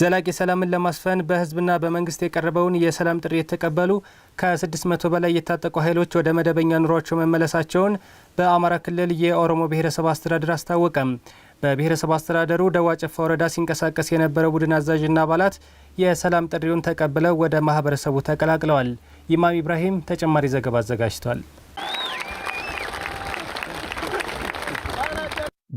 ዘላቂ ሰላምን ለማስፈን በህዝብና በመንግስት የቀረበውን የሰላም ጥሪ የተቀበሉ ከ600 በላይ የታጠቁ ኃይሎች ወደ መደበኛ ኑሯቸው መመለሳቸውን በአማራ ክልል የኦሮሞ ብሔረሰብ አስተዳደር አስታወቀም። በብሔረሰብ አስተዳደሩ ደዋ ጨፋ ወረዳ ሲንቀሳቀስ የነበረው ቡድን አዛዥና አባላት የሰላም ጥሪውን ተቀብለው ወደ ማህበረሰቡ ተቀላቅለዋል። ኢማም ኢብራሂም ተጨማሪ ዘገባ አዘጋጅቷል።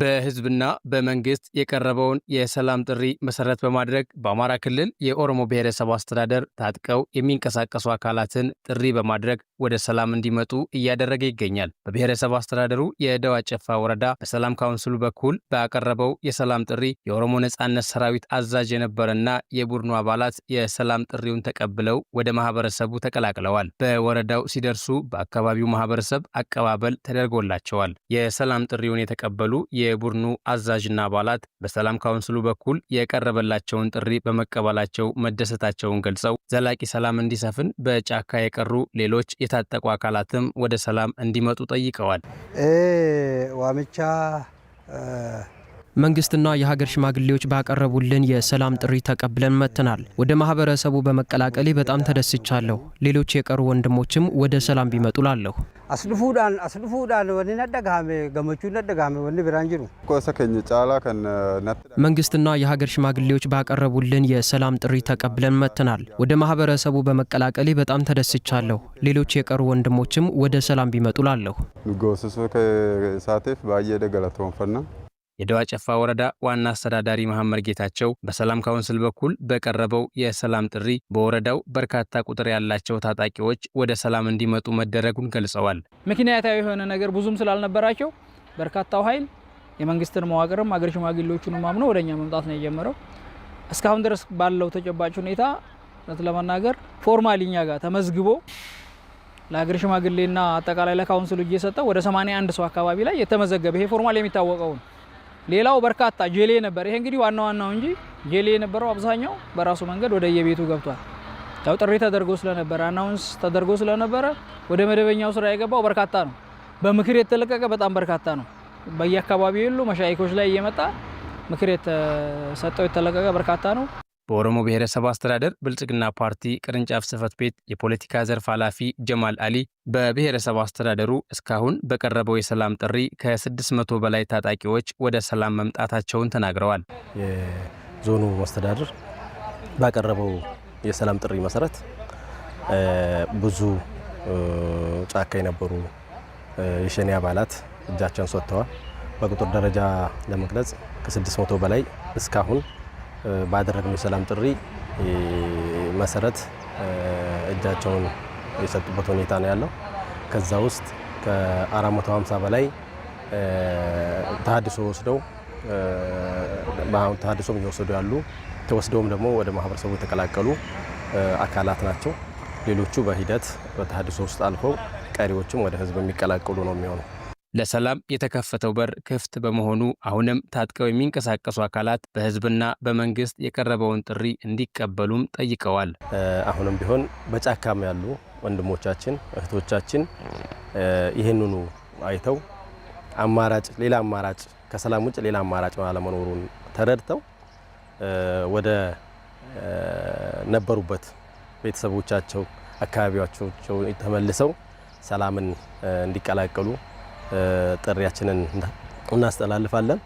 በህዝብና በመንግስት የቀረበውን የሰላም ጥሪ መሰረት በማድረግ በአማራ ክልል የኦሮሞ ብሔረሰብ አስተዳደር ታጥቀው የሚንቀሳቀሱ አካላትን ጥሪ በማድረግ ወደ ሰላም እንዲመጡ እያደረገ ይገኛል። በብሔረሰብ አስተዳደሩ የደዋ ጨፋ ወረዳ በሰላም ካውንስሉ በኩል ባቀረበው የሰላም ጥሪ የኦሮሞ ነጻነት ሰራዊት አዛዥ የነበረና የቡድኑ አባላት የሰላም ጥሪውን ተቀብለው ወደ ማህበረሰቡ ተቀላቅለዋል። በወረዳው ሲደርሱ በአካባቢው ማህበረሰብ አቀባበል ተደርጎላቸዋል። የሰላም ጥሪውን የተቀበሉ የ የቡድኑ አዛዥና አባላት በሰላም ካውንስሉ በኩል የቀረበላቸውን ጥሪ በመቀበላቸው መደሰታቸውን ገልጸው ዘላቂ ሰላም እንዲሰፍን በጫካ የቀሩ ሌሎች የታጠቁ አካላትም ወደ ሰላም እንዲመጡ ጠይቀዋል። ዋምቻ መንግስትና የሀገር ሽማግሌዎች ባቀረቡልን የሰላም ጥሪ ተቀብለን መጥተናል። ወደ ማህበረሰቡ በመቀላቀሌ በጣም ተደስቻለሁ። ሌሎች የቀሩ ወንድሞችም ወደ ሰላም ቢመጡ ላለሁ አስልፉዳን አስልፉዳን ወኒ ነደጋሜ ገመቹ ነደጋሜ ወኒ ጫላ ከነ መንግስትና የሀገር ሽማግሌዎች ባቀረቡልን የሰላም ጥሪ ተቀብለን መጥተናል። ወደ ማህበረሰቡ በመቀላቀሌ በጣም ተደስቻለሁ። ሌሎች የቀሩ ወንድሞችም ወደ ሰላም ቢመጡ ላለሁ ከሳቴፍ ባየ የደዋ ጨፋ ወረዳ ዋና አስተዳዳሪ መሐመድ ጌታቸው በሰላም ካውንስል በኩል በቀረበው የሰላም ጥሪ በወረዳው በርካታ ቁጥር ያላቸው ታጣቂዎች ወደ ሰላም እንዲመጡ መደረጉን ገልጸዋል። ምክንያታዊ የሆነ ነገር ብዙም ስላልነበራቸው በርካታው ኃይል የመንግስትን መዋቅርም አገር ሽማግሌዎቹንም አምኖ ወደኛ መምጣት ነው የጀመረው። እስካሁን ድረስ ባለው ተጨባጭ ሁኔታ እውነት ለመናገር ፎርማሊ እኛ ጋር ተመዝግቦ ለሀገር ሽማግሌና አጠቃላይ ለካውንስሉ እየሰጠው ወደ 81 ሰው አካባቢ ላይ የተመዘገበ ይሄ ፎርማል የሚታወቀው ነው። ሌላው በርካታ ጄሌ ነበር። ይሄ እንግዲህ ዋና ዋናው እንጂ ጄሌ የነበረው አብዛኛው በራሱ መንገድ ወደ የቤቱ ገብቷል። ያው ጥሪ ተደርጎ ስለነበረ አናውንስ ተደርጎ ስለነበረ ወደ መደበኛው ስራ የገባው በርካታ ነው። በምክር የተለቀቀ በጣም በርካታ ነው። በየአካባቢው የሉ መሻይኮች ላይ እየመጣ ምክር የተሰጠው የተለቀቀ በርካታ ነው። በኦሮሞ ብሔረሰብ አስተዳደር ብልጽግና ፓርቲ ቅርንጫፍ ጽህፈት ቤት የፖለቲካ ዘርፍ ኃላፊ ጀማል አሊ በብሔረሰብ አስተዳደሩ እስካሁን በቀረበው የሰላም ጥሪ ከ600 በላይ ታጣቂዎች ወደ ሰላም መምጣታቸውን ተናግረዋል። የዞኑ አስተዳደር ባቀረበው የሰላም ጥሪ መሰረት ብዙ ጫካ የነበሩ የሸኔ አባላት እጃቸውን ሰጥተዋል። በቁጥር ደረጃ ለመግለጽ ከ600 በላይ እስካሁን ባደረግነው የሰላም ጥሪ መሰረት እጃቸውን የሰጡበት ሁኔታ ነው ያለው። ከዛ ውስጥ ከ450 በላይ ተሃድሶ ወስደው ተሃድሶም እየወሰዱ ያሉ ተወስደውም ደግሞ ወደ ማህበረሰቡ የተቀላቀሉ አካላት ናቸው። ሌሎቹ በሂደት በተሃድሶ ውስጥ አልፈው ቀሪዎችም ወደ ህዝብ የሚቀላቀሉ ነው የሚሆነው። ለሰላም የተከፈተው በር ክፍት በመሆኑ አሁንም ታጥቀው የሚንቀሳቀሱ አካላት በህዝብና በመንግስት የቀረበውን ጥሪ እንዲቀበሉም ጠይቀዋል። አሁንም ቢሆን በጫካም ያሉ ወንድሞቻችን እህቶቻችን ይህንኑ አይተው አማራጭ ሌላ አማራጭ ከሰላም ውጭ ሌላ አማራጭ አለመኖሩን ተረድተው ወደ ነበሩበት ቤተሰቦቻቸው አካባቢያቸው ተመልሰው ሰላምን እንዲቀላቀሉ ጥሪያችንን እናስተላልፋለን።